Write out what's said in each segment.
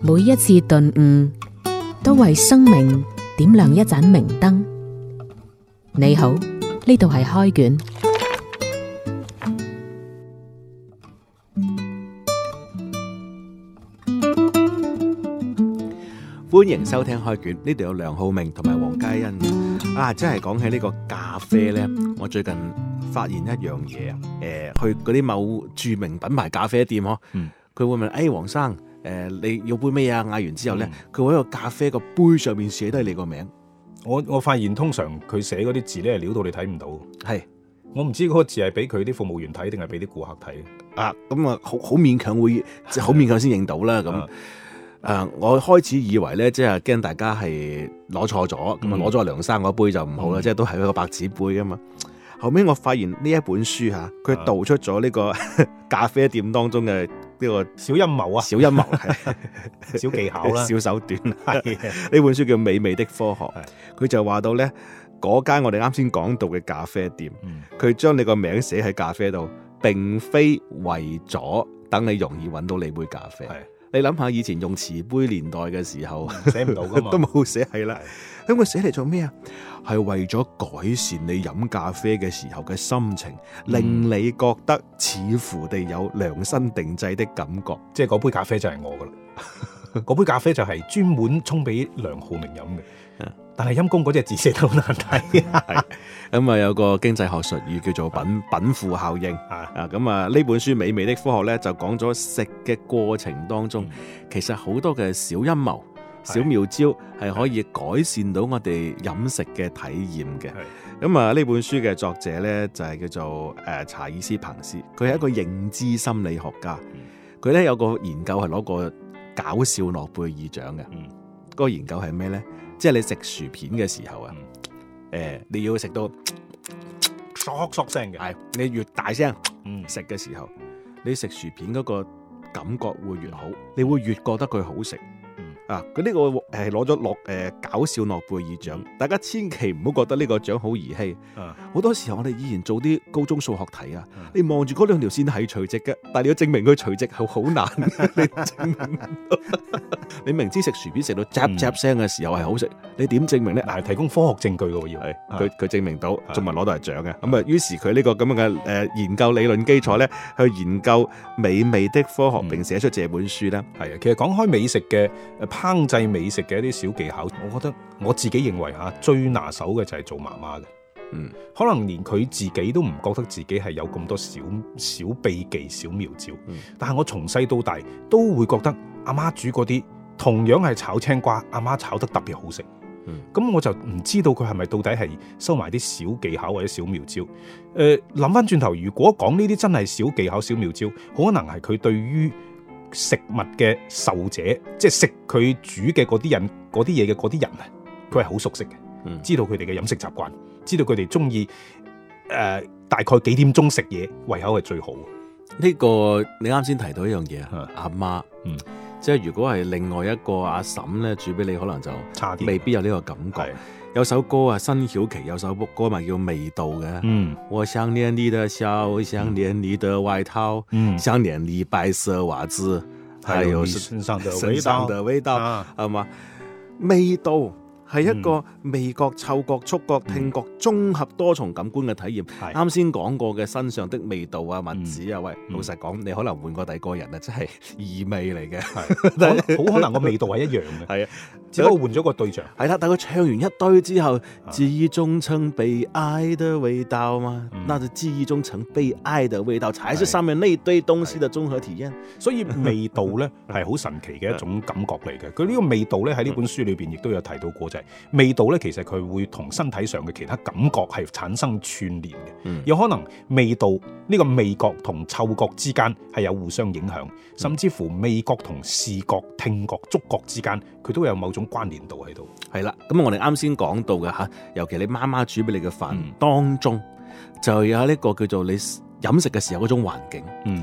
每一次頓悟，都為生命點亮一盞明燈。你好，呢度係開卷，歡迎收聽開卷。呢度有梁浩明同埋黃嘉欣。啊，真係講起呢個咖啡呢，我最近發現一樣嘢啊。去嗰啲某著名品牌咖啡店佢，嗯，會問，哎，黃生。誒，你要杯咩啊？嗌完之後咧，佢喺個咖啡個杯上面寫都係你個名。我我發現通常佢寫嗰啲字咧，潦到你睇唔到。係，我唔知嗰個字係俾佢啲服務員睇定係俾啲顧客睇啊？咁啊，好好勉強會，好勉強先認到啦。咁誒，我開始以為咧，即係驚大家係攞錯咗，咁啊攞咗梁生嗰杯就唔好啦，即係都係一個白紙杯噶嘛。後尾我發現呢一本書吓，佢道出咗呢個咖啡店當中嘅呢個小陰謀啊，小陰謀， 小技巧啦，啊， 小手段短。呢的 本書叫《美味的科學》的，佢就話到呢嗰間我哋啱先講到嘅咖啡店，佢將、嗯、你個名寫喺咖啡度，並非為咗等你容易揾到你杯咖啡。你諗下以前用瓷杯年代嘅時候，寫唔到噶嘛， 都冇寫係啦。咁我寫嚟做咩啊？係為咗改善你飲咖啡嘅時候嘅心情，令你覺得似乎地有量身定制嘅感覺。嗯、即係嗰杯咖啡就係我噶啦，嗰 杯咖啡就係專門沖俾梁浩明飲嘅。 但係陰公嗰隻字寫得好難睇 係咁啊。有個經濟學術語叫做稟稟賦效應啊，咁啊呢本書美味的科學咧就講咗食嘅過程當中，嗯、其實好多嘅小陰謀、小妙招係可以改善到我哋飲食嘅體驗嘅。咁啊呢本書嘅作者咧就係叫做誒、呃、查爾斯彭斯，佢係一個認知心理學家，佢咧、嗯、有個研究係攞過搞笑諾貝爾獎嘅，嗰、嗯、個研究係咩咧？即係你食薯片嘅時候啊，誒、呃、你要食到嗦嗦 聲嘅，係你越大聲食嘅時候，嗯、你食薯片嗰個感覺會越、越好，你會越覺得佢好食。啊！佢呢個誒攞咗諾誒搞笑諾貝爾獎，大家千祈唔好覺得呢個獎好兒戲。好多時候我哋以前做啲高中數學題啊，你望住嗰兩條線係垂直嘅，但係你要證明佢垂直係好難。你明知食薯片食到嗒嗒聲嘅時候係好食，你點證明咧？嗱，提供科學證據嘅要係佢佢證明到，仲唔攞到係獎嘅。咁啊，於是佢呢個咁樣嘅誒研究理論基礎咧，去研究美味的科學，並寫出這本書啦。係啊，其實講開美食嘅烹製美食嘅一啲小技巧，我覺得我自己認為嚇、啊、最拿手嘅就係做媽媽嘅，嗯，可能連佢自己都唔覺得自己係有咁多小小秘技、小妙招，嗯、但係我從細到大都會覺得阿媽，媽煮嗰啲同樣係炒青瓜，阿媽，媽炒得特別好食，嗯，咁我就唔知道佢係咪到底係收埋啲小技巧或者小妙招，誒、呃，諗翻轉頭，如果講呢啲真係小技巧、小妙招，可能係佢對於食物嘅受者，即係食佢煮嘅嗰啲人，啲嘢嘅嗰啲人啊，佢係好熟悉嘅、嗯，知道佢哋嘅飲食習慣，知道佢哋中意，誒，大概幾點鐘食嘢胃口係最好。呢個你啱先提到一樣嘢、嗯、啊，阿媽，嗯。即係如果係另外一個阿嬸咧煮俾你，可能就差啲，未必有呢個感覺。有首歌啊，辛曉琪有首歌咪叫味道嘅。嗯，我想念你的笑，想念你的外套，嗯、想念你白色襪子，還有你身上的味道，嗯、身上的味道，係嘛、啊？味道。係一個味覺、嗅覺、觸覺、聽覺綜合多重感官嘅體驗。啱先講過嘅身上的味道啊、物質啊，喂，老實講，你可能換過第二個人啊，真係異味嚟嘅，好可能個味道係一樣嘅。係啊，只不過換咗個對象。係啦，但佢唱完一堆之後，記憶中成被愛的味道嘛，那就記憶中成被愛的味道，踩出三面呢堆東西的綜合體驗。所以味道咧係好神奇嘅一種感覺嚟嘅。佢呢個味道咧喺呢本書裏邊亦都有提到過。味道咧，其實佢會同身體上嘅其他感覺係產生串聯嘅，有、嗯、可能味道呢、這個味覺同嗅覺之間係有互相影響，嗯、甚至乎味覺同視覺、聽覺、觸覺之間，佢都有某種關聯度喺度。係啦，咁我哋啱先講到嘅嚇，尤其你媽媽煮俾你嘅飯、嗯、當中，就有呢個叫做你飲食嘅時候嗰種環境，親、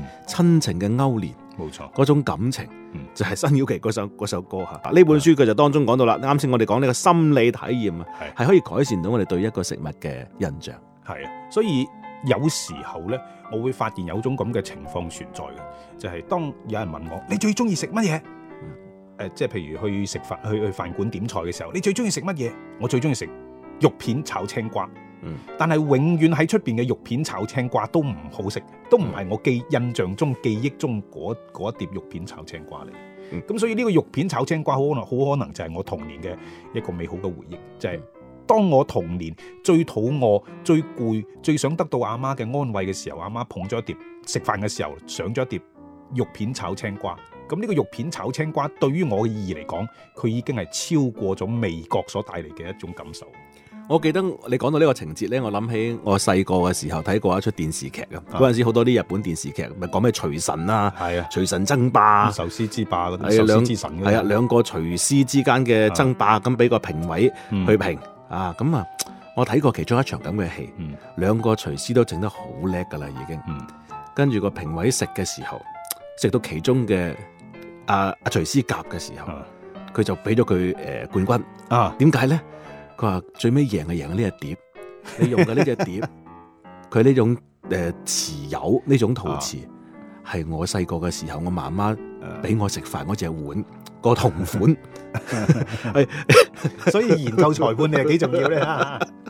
嗯、情嘅勾連。冇錯，嗰種感情，嗯、就係辛曉琪嗰首嗰首歌吓。呢本書佢就當中講到啦，啱先是我哋講呢個心理體驗啊，係是可以改善到我哋對一個食物嘅印象。係啊，所以有時候呢，我會發現有種咁嘅情況存在嘅，就係、是、當有人問我你最中意食乜嘢？誒、嗯呃，即係譬如去食飯去去飯館點菜嘅時候，你最中意食乜嘢？我最中意食肉片炒青瓜。但係永遠喺出邊嘅肉片炒青瓜都唔好食，都唔係我記印象中、記憶中嗰一碟肉片炒青瓜嚟。咁、嗯、所以呢個肉片炒青瓜好可能，好可能就係我童年嘅一個美好嘅回憶。就係、是、當我童年最肚餓、最攰、最想得到阿媽嘅安慰嘅時候，阿媽捧咗一碟食飯嘅時候上咗一碟肉片炒青瓜。咁呢個肉片炒青瓜對於我嘅意義嚟講，佢已經係超過咗味覺所帶嚟嘅一種感受。我記得你講到呢個情節咧，我諗起我細個嘅時候睇過一出電視劇噶。嗰陣、啊、時好多啲日本電視劇咪講咩廚神啦，係啊，廚、啊、神爭霸、壽司之霸嗰啲，係啊，兩、啊、個廚師之間嘅爭霸，咁俾、啊、個評委去評、嗯、啊。咁啊，我睇過其中一場咁嘅戲，兩、嗯、個廚師都整得好叻噶啦，已經。嗯、跟住個評委食嘅時候，食到其中嘅阿阿廚師甲嘅時候，佢、啊、就俾咗佢誒冠軍啊？點解咧？佢話最尾贏嘅贏嘅呢隻碟，你用嘅呢隻碟，佢呢 種誒瓷釉呢種陶瓷，係、啊、我細個嘅時候我媽媽俾我食飯嗰隻碗、那個同款。係，所以研究裁判你係幾重要咧。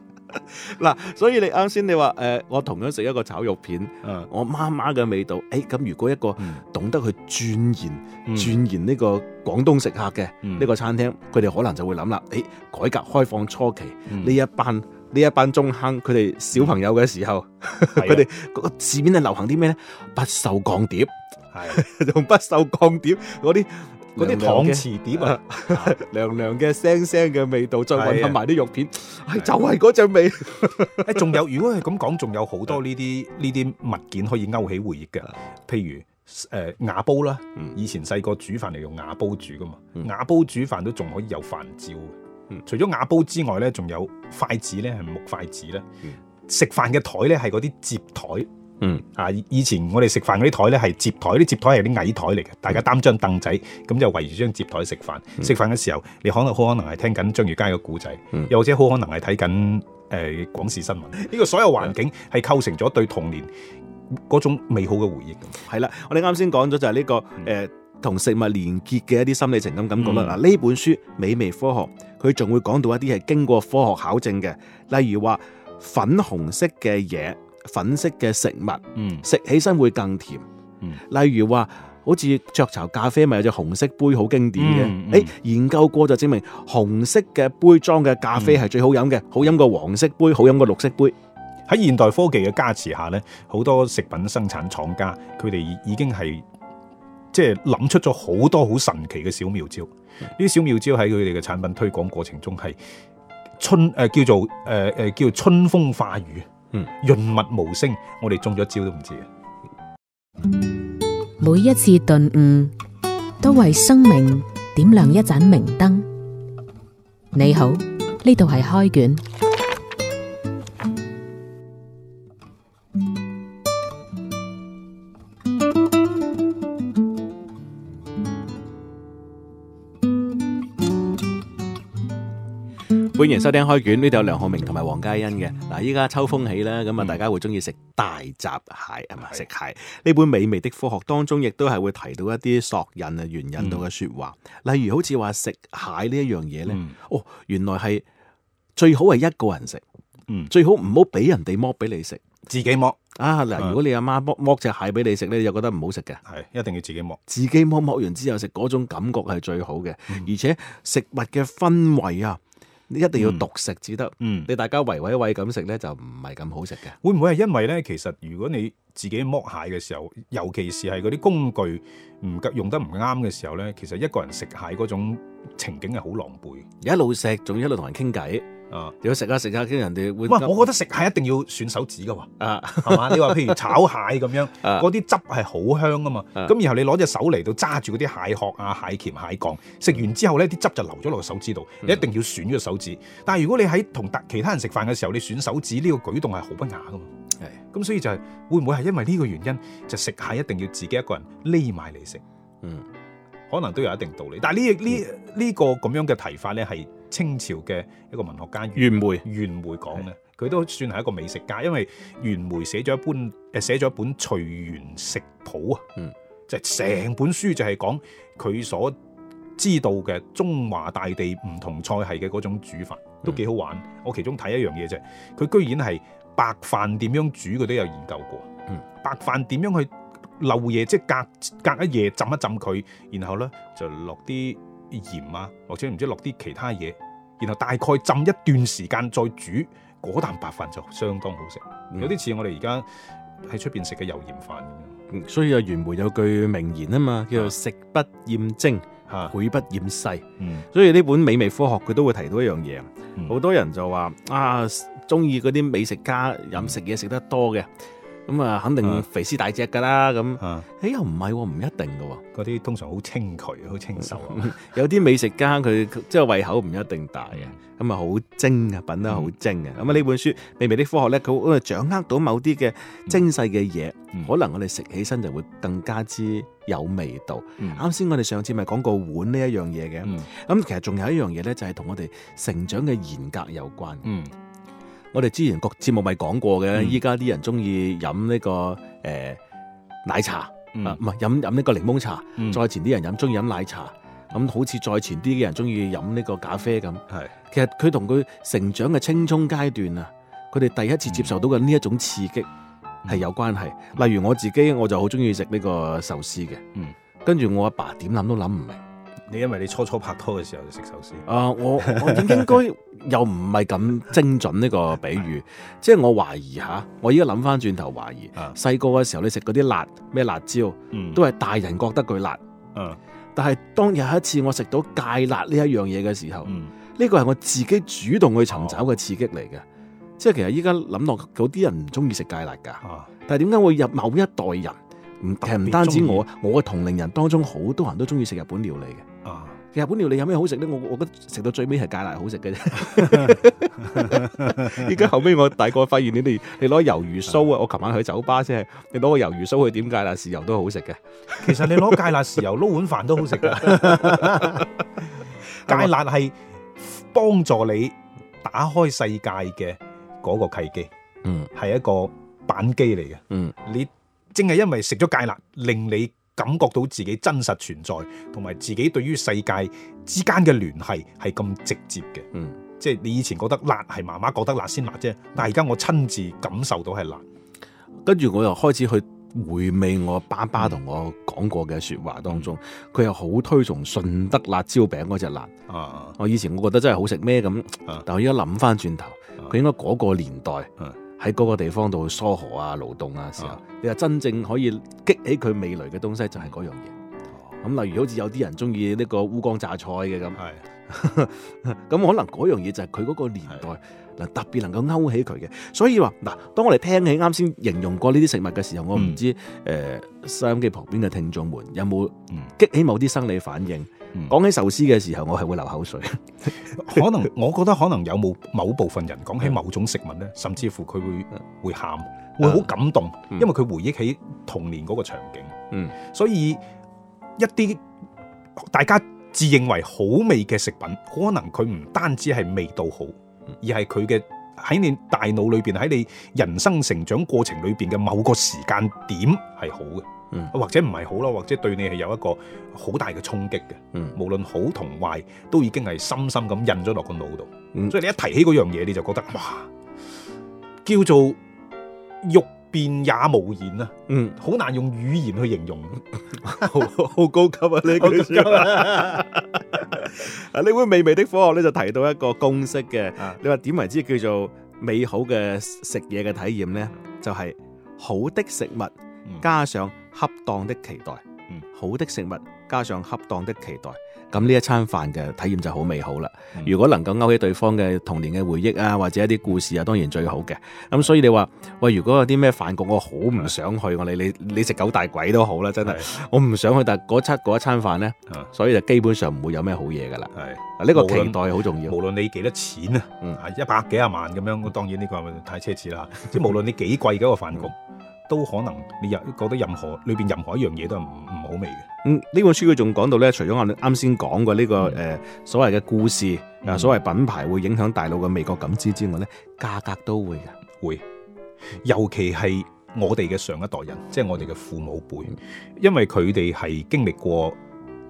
嗱， 所以你啱先你話誒、呃，我同樣食一個炒肉片，嗯、我媽媽嘅味道，誒、欸、咁如果一個懂得去鑽研鑽研呢個廣東食客嘅呢個餐廳，佢哋可能就會諗啦，誒、欸、改革開放初期呢、嗯、一班呢、嗯、一班中坑，佢哋小朋友嘅時候，佢哋的 個市面係流行啲咩呢？」「不鏽鋼碟，係用的 不鏽鋼碟嗰啲。嗰啲搪瓷碟啊，涼涼嘅腥腥嘅味道，再混合埋啲肉片，係就係嗰隻味。誒，仲有，如果係咁講，仲有好多呢啲呢啲物件可以勾起回憶嘅，譬如誒瓦煲啦，以前細個煮飯嚟用瓦煲煮噶嘛，瓦煲煮飯都仲可以有飯焦。除咗瓦煲之外咧，仲有筷子咧係木筷子啦，食飯嘅台咧係嗰啲接台。嗯，啊，以前我哋食飯嗰啲台咧係摺枱，啲摺枱係啲矮台嚟嘅，大家擔張凳仔，咁就圍住張摺枱食飯。食飯嘅時候，你可能好可能係聽緊張悅楷嘅故仔，又、嗯、或者好可能係睇緊誒廣視新聞。呢、嗯、個所有環境係構成咗對童年嗰種美好嘅回憶。係啦，我哋啱先講咗就係呢、這個誒同、嗯呃、食物連結嘅一啲心理情感感覺啦。嗱、嗯，呢、嗯、本書《美味科學》，佢仲會講到一啲係經過科學考證嘅，例如話粉紅色嘅嘢。粉色嘅食物，食、嗯、起身會更甜。嗯、例如話，好似雀巢咖啡咪有隻紅色杯，好經典嘅。嗯、誒，研究過就證明紅色嘅杯裝嘅咖啡係最好飲嘅，嗯、好飲過黃色杯，好飲過綠色杯。喺現代科技嘅加持下咧，好多食品生產廠家，佢哋已已經係即係諗出咗好多好神奇嘅小妙招。呢啲、嗯、小妙招喺佢哋嘅產品推廣過程中係春誒、呃呃呃、叫做誒誒、呃、叫做春風化雨。嗯，潤物無聲，我哋中咗招都唔知啊、嗯！每一次頓悟，都為生命點亮一盞明燈。你好，呢度係開卷。歡迎收聽開卷，呢度有梁浩明同埋黃嘉欣嘅嗱，依家秋風起啦，咁啊，大家會中意食大閘蟹啊，唔係食、嗯、蟹呢是本美味的科學當中，亦都係會提到一啲索引啊、原引到嘅說話，嗯、例如好似話食蟹呢一樣嘢咧，嗯、哦，原來係最好係一個人食，嗯、最好唔好俾人哋剝俾你食，自己剝啊嗱，如果你阿媽,媽剝剝隻蟹俾你食咧，又覺得唔好食嘅，係一定要自己剝，自己剝剝完之後食嗰種感覺係最好嘅，嗯、而且食物嘅氛圍啊。一定要獨食至得，嗯、你大家圍圍圍咁食咧就唔係咁好食嘅。會唔會係因為咧？其實如果你自己剝蟹嘅時候，尤其是係嗰啲工具唔夠用得唔啱嘅時候咧，其實一個人食蟹嗰種情景係好狼狽。一路食仲要一路同人傾偈。哦、啊！有食下食下，跟人哋會、啊。喂，我覺得食蟹一定要選手指噶喎。啊，係嘛？你話譬如炒蟹咁樣，嗰啲、啊、汁係好香啊嘛。咁、啊、然後你攞隻手嚟到揸住嗰啲蟹殼啊、蟹鉗、蟹槓，食完之後咧，啲汁就流咗落手指度。嗯、你一定要選咗手指。但係如果你喺同其他人食飯嘅時候，你選手指呢、呢個舉動係好不雅噶嘛。係的。咁所以就係會唔會係因為呢個原因，就食蟹一定要自己一個人匿埋嚟食？嗯。可能都有一定道理，但係呢呢呢個咁、這個、樣嘅提法咧，係清朝嘅一個文學家袁枚。袁枚梅講咧，佢是都算係一個美食家，因為袁枚寫咗一本誒寫咗一本《隨、呃、園食譜啊，嗯，即係成本書就係講佢所知道嘅中華大地唔同菜系嘅嗰種煮法，都幾好玩。嗯、我其中睇一樣嘢啫，佢居然係白飯點樣煮，佢都有研究過，嗯，白飯點樣去？漏嘢，即係隔隔一夜浸一浸佢，然後咧就落啲鹽啊，或者唔知落啲其他嘢，然後大概浸一段時間再煮，嗰啖白飯就相當好食，有啲似我哋而家喺出邊食嘅油鹽飯。所以啊，袁枚有句名言啊嘛，叫做食不厭精，膾不厭細。所以呢本美味科學佢都會提到一樣嘢啊，好多人就話啊，中意嗰啲美食家，飲食嘢食得多嘅。咁啊，肯定肥屍大隻㗎啦，咁，哎、啊、又唔係喎，唔一定㗎喎、啊。嗰啲通常好清渠，好清瘦、啊。 有啲美食家佢即係胃口唔一定大嘅，咁啊好精啊，品得好精啊。咁啊呢本書《美味的科學》咧，佢我哋掌握到某啲嘅精細嘅嘢，嗯、可能我哋食起身就會更加之有味道。啱先、嗯、我哋上次咪講過碗呢一樣嘢嘅，咁、嗯嗯、其實仲有一樣嘢咧，就係同我哋成長嘅嚴格有關。嗯我哋之前節、嗯這個節目咪講過嘅，依家啲人中意飲呢個誒奶茶、嗯、啊，唔係飲飲呢個檸檬茶。再、嗯、前啲人飲中意飲奶茶，咁、嗯嗯、好似再前啲嘅人中意飲呢個咖啡咁。係是其實佢同佢成長嘅青蔥階段啊，佢哋第一次接受到嘅呢一種刺激係有關係。嗯、例如我自己，我就好中意食呢個壽司嘅。嗯，嗯跟住我阿爸點諗都諗唔明。你因為你初初拍拖嘅時候就食壽司啊、呃？我我應該,應該又唔係咁精準。呢個比喻， 即係我懷疑嚇，我依家諗翻轉頭懷疑，細個嘅時候你食嗰啲辣咩辣椒，嗯、都係大人覺得佢辣，嗯、但係當有一次我食到芥辣呢一樣嘢嘅時候，呢個係我自己主動去尋找嘅刺激嚟嘅，啊、即係其實依家諗落，有啲人唔中意食芥辣㗎，啊、但係點解會入某一代人，其實唔單止我，我嘅同齡人當中好多人都中意食日本料理嘅。日本料理有咩好食咧？我我覺得食到最尾係芥辣好食嘅啫。依家後尾我大概發現你，你哋你攞魷魚鬚啊！ 我琴晚去酒吧先係，你攞個魷魚鬚去點芥辣豉油都好食嘅。其實你攞芥辣豉油撈碗飯都好食嘅。芥辣係幫助你打開世界嘅嗰個契機，嗯，係一個板機嚟嘅，嗯，你正係因為食咗芥辣令你。感覺到自己真實存在，同埋自己對於世界之間嘅聯繫係咁直接嘅，嗯，即係你以前覺得辣係媽媽覺得辣先辣啫，但係而家我親自感受到係辣，跟住我又開始去回味我爸爸同我講過嘅說話當中，佢、嗯、又好推崇順德辣椒餅嗰隻辣，啊，啊我以前我覺得真係好食咩咁，啊、但我而家諗翻轉頭，佢應該嗰個年代，嗯喺嗰個地方度疏河啊、勞動啊時候，啊、你話真正可以激起佢味蕾嘅東西就係嗰樣嘢。咁、啊、例如好似有啲人中意呢個烏江榨菜嘅咁，咁、嗯、 可能嗰樣嘢就係佢嗰個年代的特別能夠勾起佢嘅。所以話嗱，當我哋聽起啱先形容過呢啲食物嘅時候，我唔知誒收音機旁邊嘅聽眾們有冇激起某啲生理反應。講起壽司嘅時候，我係會流口水。 可能我覺得可能有冇某部分人講起某種食物呢，甚至乎佢會會喊，會好感動，因為佢回憶起童年嗰個場景。嗯，所以一啲大家自認為好味嘅食品，可能佢唔單止係味道好，而係佢嘅喺你大腦裏邊喺你人生成長過程裏邊嘅某個時間點係好嘅。或者唔係好咯，或者對你係有一個好大嘅衝擊嘅。嗯、無論好同壞，都已經係深深咁印咗落個腦度。嗯、所以你一提起嗰樣嘢，你就覺得哇，叫做欲辨也無言啊。嗯，好難用語言去形容，好高級啊！呢句説話啊，呢本美味的科學咧就提到一個公式嘅。啊、 你話點為之叫做美好嘅食嘢嘅體驗咧，就係、是、好的食物加上恰當的期待，好的食物加上恰當的期待，咁呢一餐飯嘅體驗就好美好啦。如果能夠勾起對方嘅童年嘅回憶啊，或者一啲故事啊，當然最好嘅。咁所以你話喂，如果有啲咩飯局我好唔想去，我你你你食九大鬼都好啦，真係我唔想去，但嗰餐嗰一餐飯呢，所以就基本上唔會有咩好嘢噶啦。係，呢個期待好重要。無論你幾多錢啊，一百幾廿萬咁樣，我當然呢個係咪太奢侈啦。即係無論你幾貴嗰個飯局，都可能你又覺得任何裏邊任何一樣嘢都係唔唔好味嘅。嗯，呢本書佢仲講到咧，除咗我啱先講過呢、呢個誒、嗯呃、所謂嘅故事啊、呃，所謂品牌會影響大腦嘅味覺感知之外咧，價格都會嘅、啊。會，尤其係我哋嘅上一代人，即、就、係、是、我哋嘅父母輩，嗯、因為佢哋係經歷過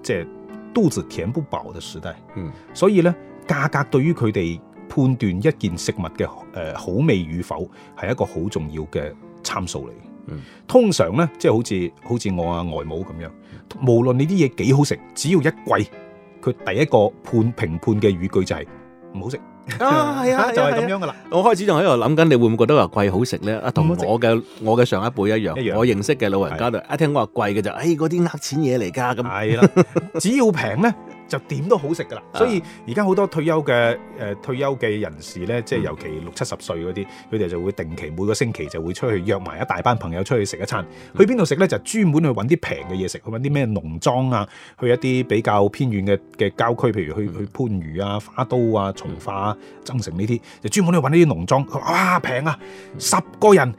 即係、就是、肚子填不飽嘅時代，嗯，所以咧價格對於佢哋判斷一件食物嘅誒好、呃、好味與否係一個好重要嘅。參數嚟，通常咧即係好似好似我阿外母咁樣，無論你啲嘢幾好食，只要一貴，佢第一個判評判嘅語句就係唔好食。係啊，啊 就係咁樣噶啦。啊啊啊、我開始仲喺度諗緊，你會唔會覺得話貴好食咧？啊，同我嘅我嘅上一輩一樣，我認識嘅老人家就一、啊、聽我話貴嘅就，誒、哎，嗰啲呃錢嘢嚟噶咁。係啦、啊，只要平咧，就點都好食噶啦，所以而家好多退休嘅誒、呃、退休嘅人士呢，即係尤其六七十歲嗰啲，佢哋就會定期每個星期就會出去約埋一大班朋友出去食一餐。去邊度食呢？就是、專門去揾啲平嘅嘢食，去揾啲咩農莊啊，去一啲比較偏遠嘅嘅郊區，譬如去去番禺啊、花都啊、從化、啊、增城呢啲，就專門去揾啲農莊。佢話哇，平啊！十個人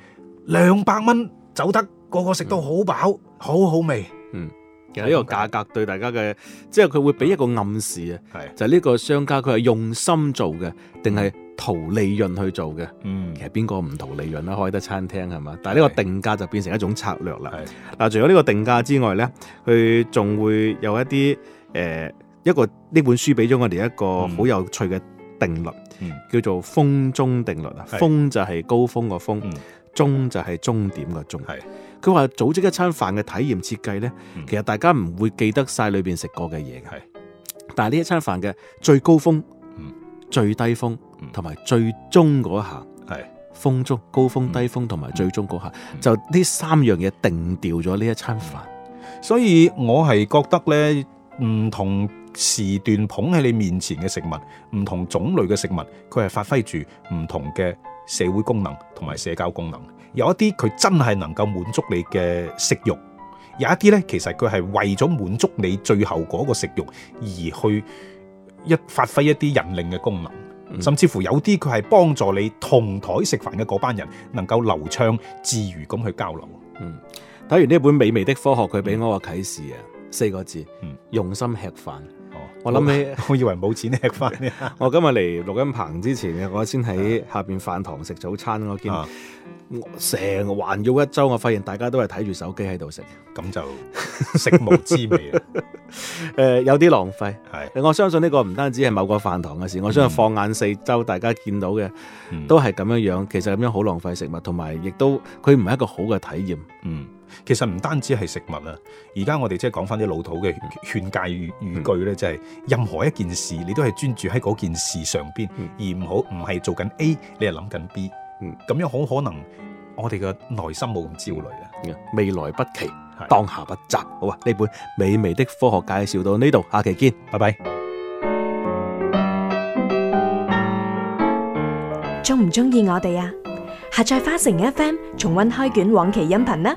兩百蚊走得，個個食到好飽，好好味。嗯。其實呢個價格對大家嘅，即係佢會俾一個暗示啊，是就呢個商家佢係用心做嘅，定係圖利潤去做嘅。嗯，其實邊個唔圖利潤啦？開得餐廳係嘛？但係呢個定價就變成一種策略啦。係嗱是，除咗呢個定價之外咧，佢仲會有一啲誒、呃，一個呢本書俾咗我哋一個好有趣嘅定律，嗯、叫做峰終定律啊。嗯、峰就係高峰個峰，嗯、終就係終點個終。係。佢話組織一餐飯嘅體驗設計呢，其實大家唔會記得晒裏邊食過嘅嘢嘅。係是，但係呢一餐飯嘅最高峰、嗯、最低峰同埋、嗯、最終嗰下，係是風中高峰、低峰同埋最終嗰下，嗯、就呢三樣嘢定調咗呢一餐飯。所以我係覺得呢唔同時段捧喺你面前嘅食物，唔同種類嘅食物，佢係發揮住唔同嘅社會功能同埋社交功能。有一啲佢真係能夠滿足你嘅食欲；有一啲咧其實佢係為咗滿足你最後嗰個食欲而去一發揮一啲引領嘅功能，嗯、甚至乎有啲佢係幫助你同枱食飯嘅嗰班人能夠流暢自如咁去交流。嗯，睇完呢本美味的科學，佢俾我個啟示啊，四個字，用心吃飯。嗯我諗起，我以為冇錢吃飯。 我今日嚟錄音棚之前，我先喺下邊飯堂食早餐。啊、我見成環繞一周，我發現大家都係睇住手機喺度食，咁就食無滋味。誒、 呃，有啲浪費。係是，我相信呢個唔單止係某個飯堂嘅事，嗯嗯，我相信放眼四周，大家見到嘅都係咁樣樣。其實咁樣好浪費食物，同埋亦都佢唔係一個好嘅體驗。嗯。其實唔單止係食物啊，而家我哋即係講翻啲老土嘅勸誡語句咧、就是，就係、嗯、任何一件事你都係專注喺嗰件事上邊，嗯、而唔好唔係做緊 A，你又諗緊 B，咁、嗯、樣好可能我哋嘅內心冇咁焦慮啊！未來不期，當下不雜，好啊！呢本美味的科學介紹到呢度，下期見，拜拜！中唔中意我哋啊？下載花城 FM 重溫開卷往期音頻呢。